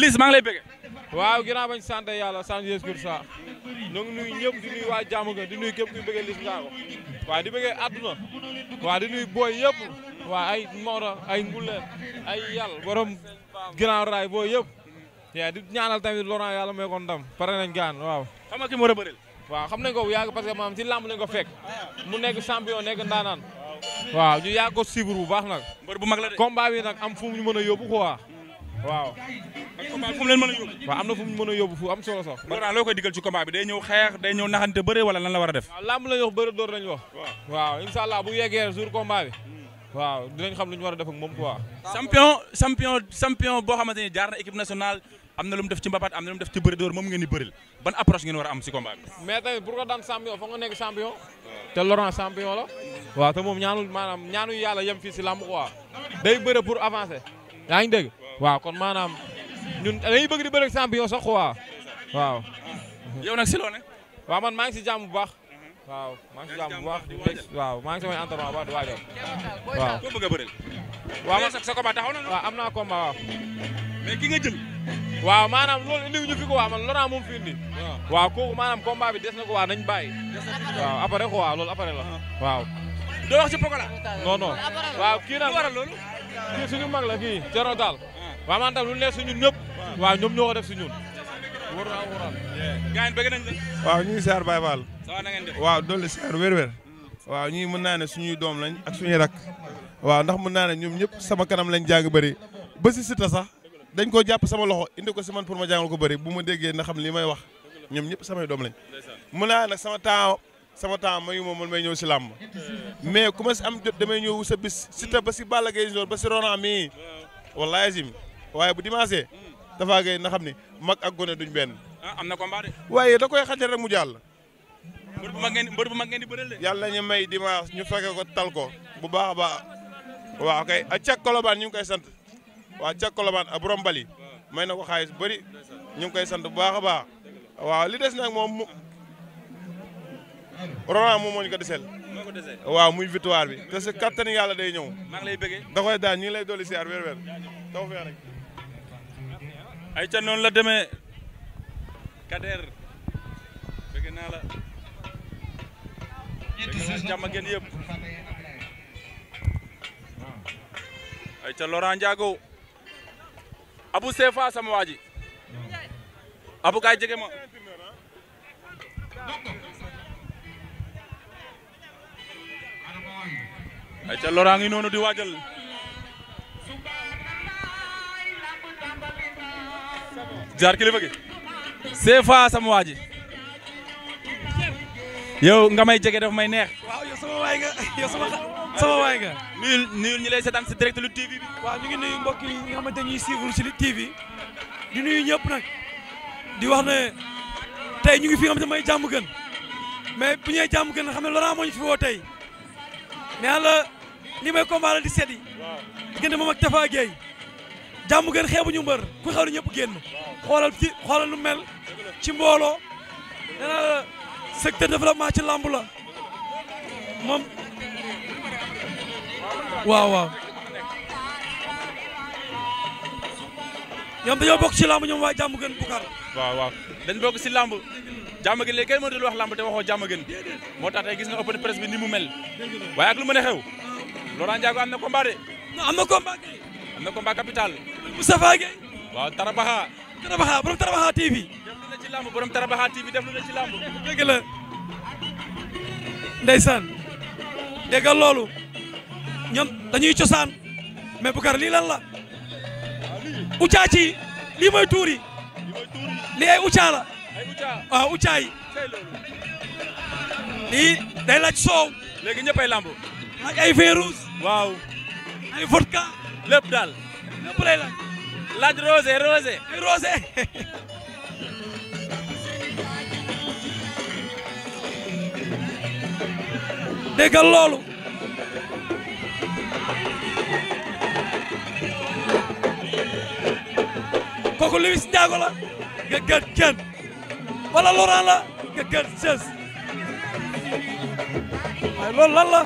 Liss maa ngi lay waaw ginnaaw bañ sant yàlla sant Yeesu Kirist ñoo ngi nuyu ñëpp di nuyu waa jàmm gën di nuyu képp kuy bëggee Liss Ndiago waaw di bëggee àdduna waaw di nuyu booy yëpp waaw ay Maodo ay Ngule ay yàlla borom ginnaaw raay booy yëpp yaa di ñaanal tamit Laurent yàlla may ko ndam pare nañ gaan waaw xam nga ki xam nañ ko bu yàgg parce que maam ci làmb lañ ko fekk mu nekk champion nekk ndaanaan waaw ñu yàgg ko suivre bu baax nag. mbër bu mag la de combat nag am fu mu mën a yóbbu quoi. waaw. a yóbbu. waaw am na fu mu mën a yóbbu fu am solo sax. Laurent day ñëw xeex day ñëw naxante bëre wala lan la war a def. waaw làmb la ñu wax door nañu wax. waaw incha allah bu yeggee jour combat waaw dinañ xam lu war a def moom quoi. champion champion champion boo xamante ni jaar na équipe nationale am na lu mu def ci mbapat am door moom ngeen di bëril ban approche a waaw te moom ñaanul maanaam ñaanu yàlla yem fii si làmb quoi day bëre pour avancer yaa ngi dégg waaw kon maanaam ñun dañuy bëgg di bëre champion sax quoi waaw. yow nag si loo ne. waaw man maa ngi si jàmm bu baax. Mhm. waaw maa ngi si maa ngi samay entraînement bu baax di waajal waaw. a man sa combat taxaw na am naa combat waaw. mais ki nga jël. maanaam loolu indiwuñu fi waa man Laurent moom fi indi. waaw kooku maanaam combat bi des ko waa nañ bàyyi. waaw après quoi loolu après la uh-huh. waa doo wax ci Pokola. non waaw kii nag waral loolu. kii mag la kii Thierno Tall. Ah. waaw man tam lu ne suñu ñëpp. Ah. waaw ñoom ñoo def si ñun. wóor naa wóoral. gars yi bëgg nañ la. waaw ñu ngi seer wér-wér. Hmm. waaw ñii mën naa ne suñuy doom lañ ak suñuy rag waaw ndax mën naa ne ñoom ñëpp sama kanam lañ jàng bëri ba si sita sax dañ ko jàpp sama loxo indi ko si man pour ma jàngal ko bëri bu ma déggee na xam lii may wax ñoom ñëpp samay doom lañ. mën naa nag sama temps sama ma mayu moom man may ñëw si làmb mais ku am jot damay ñëw sa bis si ta ba si Balla Gaye junior ba si Rona mii wallaahi azim waaye bu dimanche dafaa hmm. gay na xam ne mag ak gone duñ benn. ah am na combat de. waaye da koy xajal rek mu jàll. mbër bu mag bu mag ngeen di bëreel de. yàlla ñu may dimanche ñu fekke ko tal bu baax a baax waaw kay a cak kolobaan ñu ngi koy sant waaw cak kolobaan a borom bali may na ko xaalis bëri ñu ngi koy sant bu baax a baax waaw nag moom Rona moom moo ñu ko deseel waaw muy victoire bi te si kattanu yàlla day ñëw maa ngi lay bëggee da koy daal ñu ngi lay ay ca noonu la demee Kader bëgg naa la ay ca Laurent Ndiago Abou Sefa sama waa ji Abou jege ma ay ca Laurent ngi noonu di waajal jaar kilifa gi c'est sama waa yow nga may jege daf may neex. waaw yow sama waay nga yow nuyul nuyul ñu lay seetaan si direct Lutte TV bi. ñu ngi nuyu mbokk yi nga xamante ñuy suivre si Lutte TV di nuyu ñëpp nag di wax ne tey ñu ngi fi nga xamante ne mooy jàmm gën mais bu ñuy jàmm gën xam ne Laurent moo ñu fi woo tey. mais yàlla li may combat la di set yi diggante moom ak Tafa Gueye jàmm gën xeebuñu mbër ku xewlu ñëpp génn xoolal lu mel ci mbooloo nee naa la secteur développement ci lambu la moom waaw waaw ñoom dañoo bokk ci làmb ñoom waa jàmm gën bukar waaw waaw dañ bokk ci làmb jàmm gën le kenn mënatul wax lamb te waxoo jàmm gën moo tax tey gis nga open presse bi ni mu mel waaye ak a xew Laurent Ndiago am na combat de non am na combat kay am na combat capital Moustapha Gueye waaw Tarabaxa Tarabaxa borom Tarabaxa TV def lu ne ci la loolu ñoom dañuy cosaan mais Boucar lii lan la ucaa ci tuuri lii ay ucaa la waaw ah, Ucaay lii day laaj soow léegi ñëppay lamb laaj ay vin waaw ay vodka lépp daal lépp lay laaj laaj rosé rosé ay rosé déggal loolu kooku Liss Ndiago la nga wala Laurent la gëgër sës waaye loolu lan la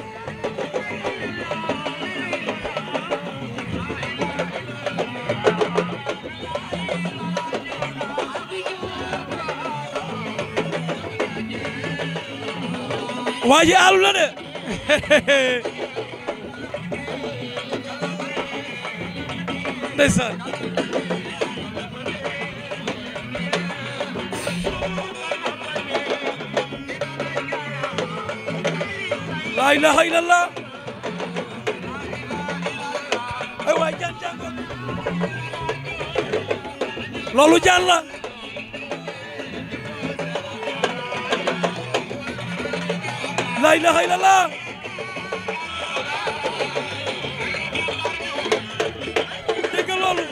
waa ji àllu na de ndeysaan laa ilaaha illallah ay waay jaan jaan ko loolu jaan la laa ilaaha illallah dégg loolu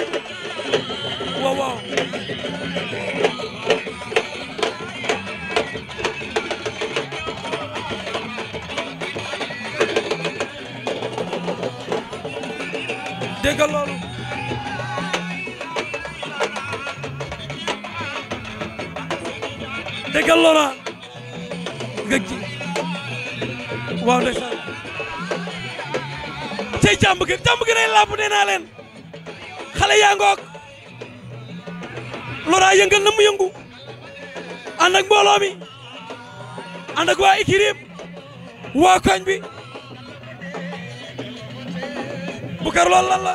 déggal loolu déggal loolu nga ji waaw ndeysaan cey jàmb gi jàmb gi day làmb xale yaa ngoog Lora yëngal na yëngu ànd ak mbooloo mi ànd waa Ikirim Boucar lool lan la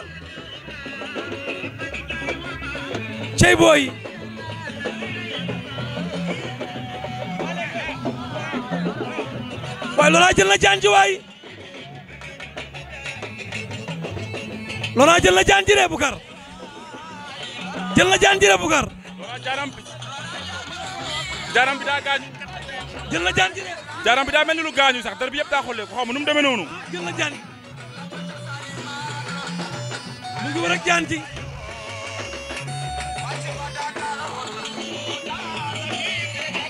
cey booy waaye Laurent jël na jaan ji waay Laurent jël na jaan ji de Boucar jël na jaan ji de Boucar jaaram bi daa gaañu jël na jaan ji de jaaram bi daa mel ni lu gaañu sax dara bi yëpp daa xollee ko xaw ma nu mu demee noonu jël na jaan Ndour ak Dianji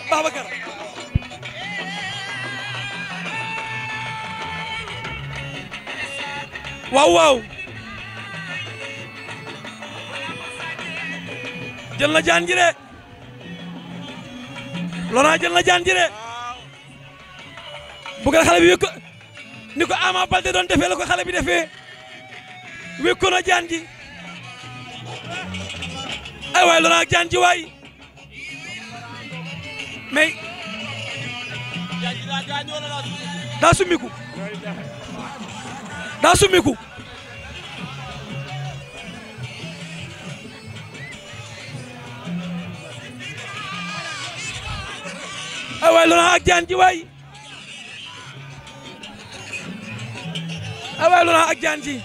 Babacar waaw waaw jël na Dianji de Laurent jël na Dianji ko xale bi ni ko Ama Baldé doon defee la ko xale bi defee. wekku na jaan ji ay eh waay loolu ak jaan ji waay mais daa sumiku daa sumiku ay eh waay loolu ak jaan ji waay eh ay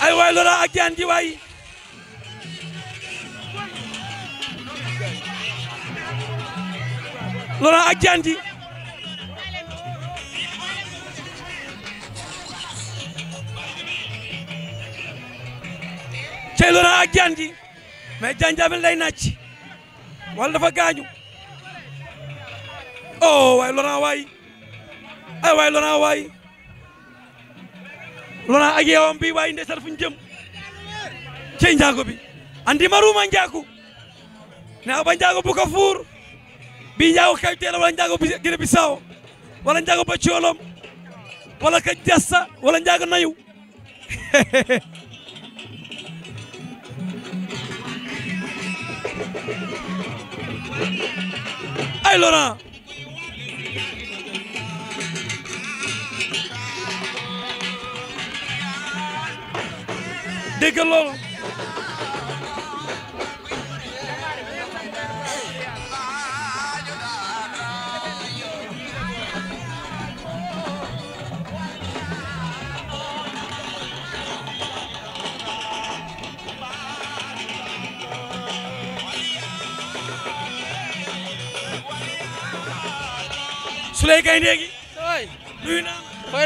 ay waay Laurent ak Diane ji waay Laurent ak Diane ji cey Laurent ak Diane ji mais Diane Diaby lay nàcc dafa gaañu oh waay Laurent waay ay waay Laurent waay Laurent ak yeewam bi waaye ndeysaan fu ñu cey njaago bi andi maruma njaaku na ba njaago bu ko fuur bi njaago kayteel wala njaago bi Guinée Bissau njaago ba coolom wala ka njaago nayu ay Laurent dégg loolu Souley Gaindé gi. waay nuyu naa la.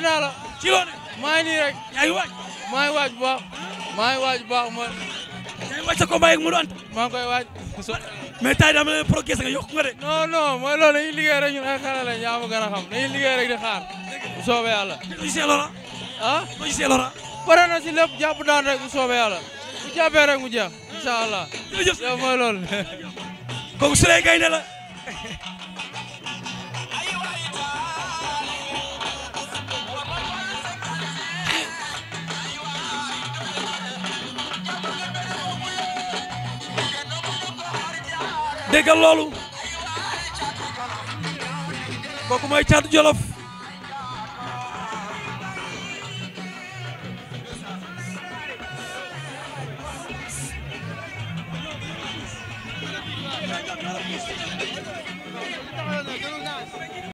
naa la. ci loolu. maa ngi nii waaj. maa maa ngi waaj bu baax ma. yaa ngi waaj sa combat yeeg maa ngi koy waaj. mais tay dama ne progressé nga yokku nga de. non non mooy loolu dañuy liggéey rek ñun ay xale lañ yaa ma gën a xam dañuy liggéey rek di xaar. bu soobee yàlla. bu gisee lora. ah bu gisee lora. pare na si lépp jàpp daan rek bu soobee yàlla bu jàppee rek mu jeex incha allah. jërëjëf mooy loolu. kooku su dee gaynde la. déggal loolu kooku mooy Caatu Jolof